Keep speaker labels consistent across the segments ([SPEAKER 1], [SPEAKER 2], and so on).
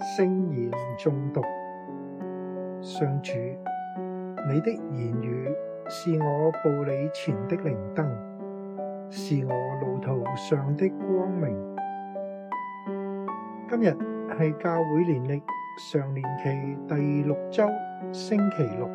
[SPEAKER 1] 聖言誦讀，上主，你的言語是我步履前的靈燈，是我路途上的光明。今日係教會年曆。常年期第六周星期六，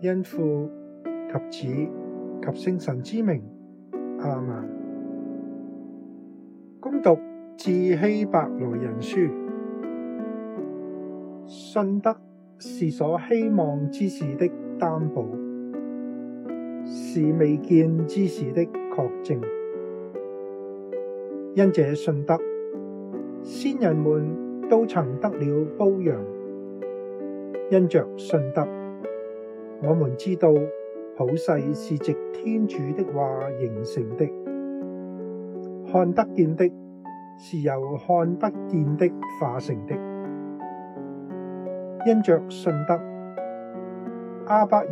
[SPEAKER 1] 因父及子及聖神之名阿們。恭讀《致希伯來人書》，信德是所希望之事的擔保，是未見之事的確證。因著信德，先人們。都曾得了褒揚，因着信德，我們知道普世是藉天主的話形成的，看得見的是由看不見的化成的。因着信德，亞伯爾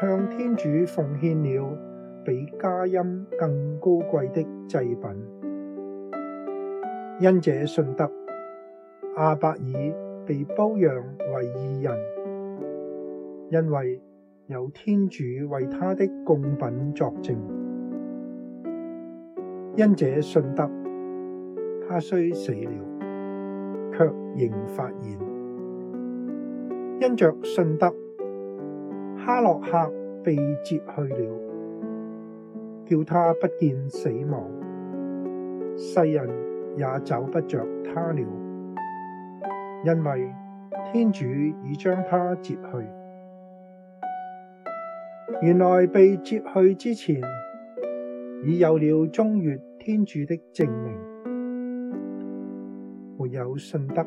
[SPEAKER 1] 向天主奉獻了比加音更高貴的祭品，因這信德。亞伯爾被褒揚為義人，因為有天主為他的供品作證。因者信德，他雖死了，卻仍發言。因着信德，哈諾客被接去了，叫他不見死亡，世人也找不着他了。因為天主已將他接去，原來被接去之前，已有了中悅天主的證明。沒有信德，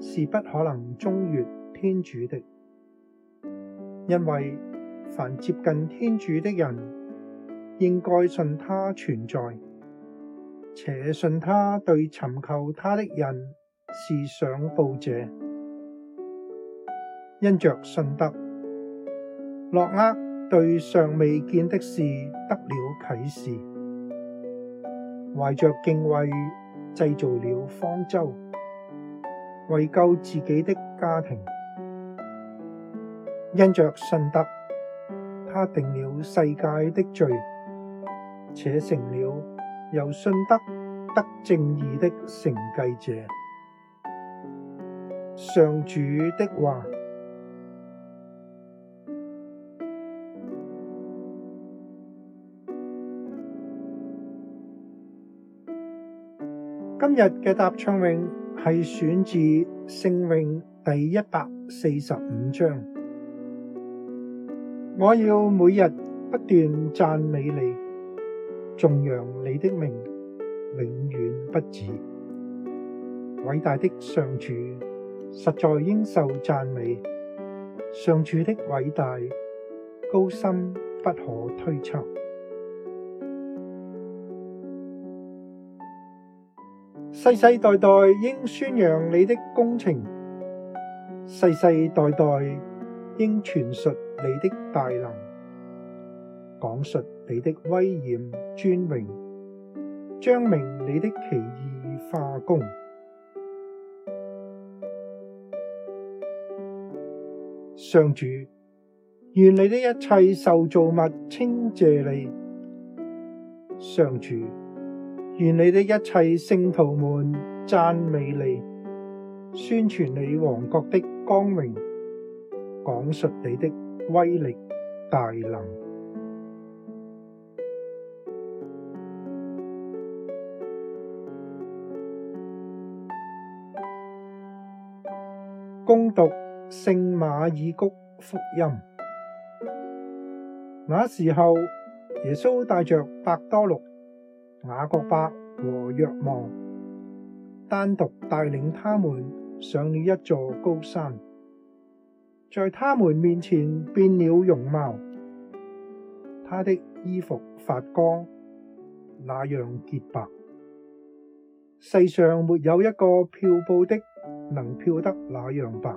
[SPEAKER 1] 是不可能中悅天主的。因為凡接近天主的人，應該信他存在，且信他對尋求他的人，是賞報者，因着信德，諾厄對尚未見的事得了啟示，懷着敬畏製造了方舟，為救自己的家庭。因着信德，他定了世界的罪，且成了由信德得正義的承繼者。上主的話。今日嘅答唱詠係選自聖詠第一百四十五章。我要每日不斷讚美你，頌揚你的名，永遠不止。偉大的上主。實在應受讚美，上主的偉大，高深不可推測。 世世代代應宣揚你的工程，世世代代應傳述你的大能，講述你的威嚴尊榮，彰明你的奇異化工。上主，願你的一切受造物稱謝你；上主，願你的一切聖徒們讚美你，宣傳你王國的光榮，講述你的威力大能。恭讀聖馬爾谷福音，那時候耶穌帶着伯多祿、雅各伯和若望，單獨帶領他們上了一座高山，在他們面前變了容貌，他的衣服發光，那樣潔白，世上沒有一個漂布的能漂得那樣白。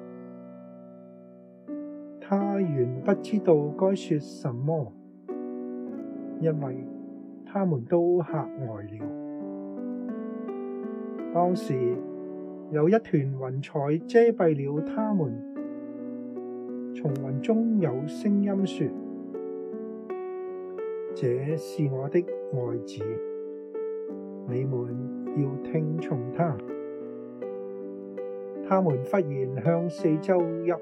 [SPEAKER 1] 他原不知道該說什麼，因為他們都嚇呆了。當時，有一團雲彩遮蔽了他們，從雲中有聲音說：這是我的愛子，你們要聽從他。他們忽然向四周一看。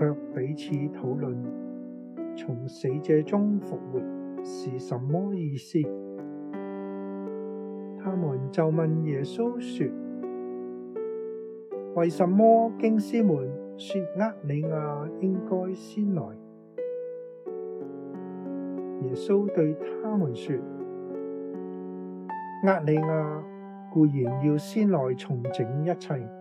[SPEAKER 1] 卻彼此討論從死者中復活是什麼意思。他們就問耶穌說：為什麼經師們說厄里亞應該先來？耶穌對他們說：厄里亞固然要先來重整一切。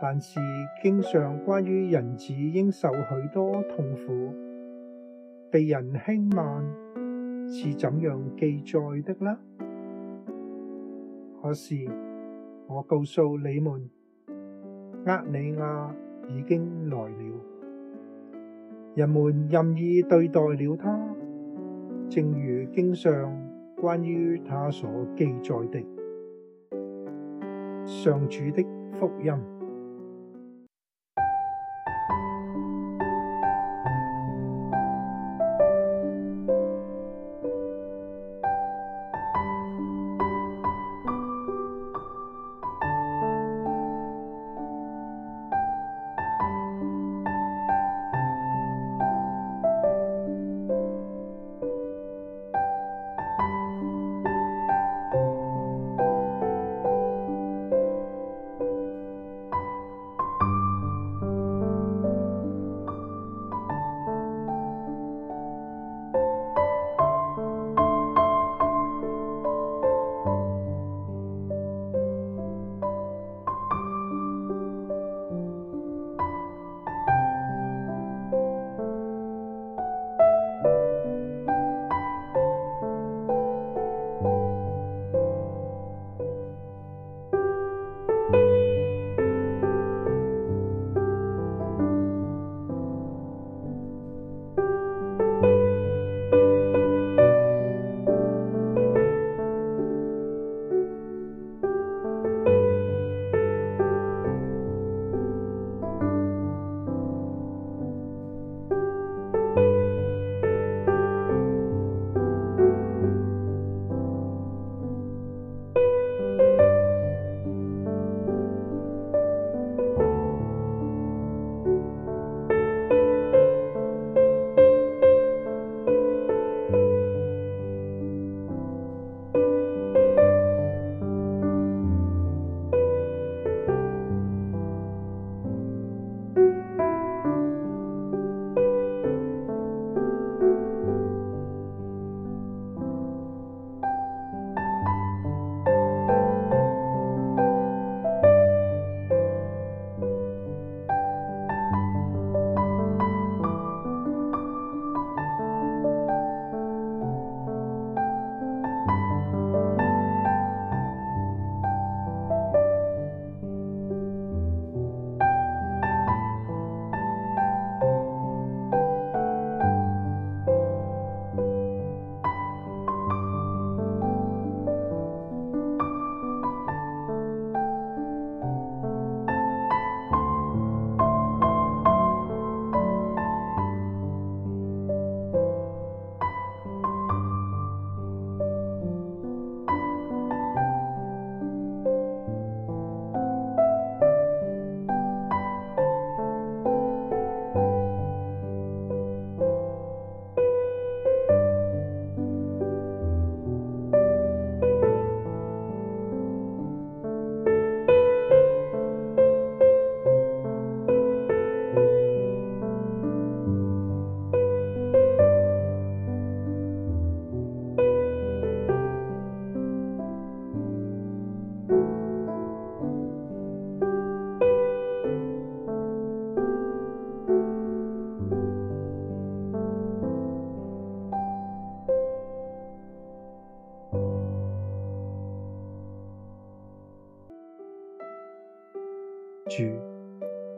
[SPEAKER 1] 但是經上關於人子應受許多痛苦，被人輕慢，是怎樣記載的呢？可是，我告訴你們，厄里亞已經來了，人們任意對待了他，正如經上關於他所記載的。上主的福音。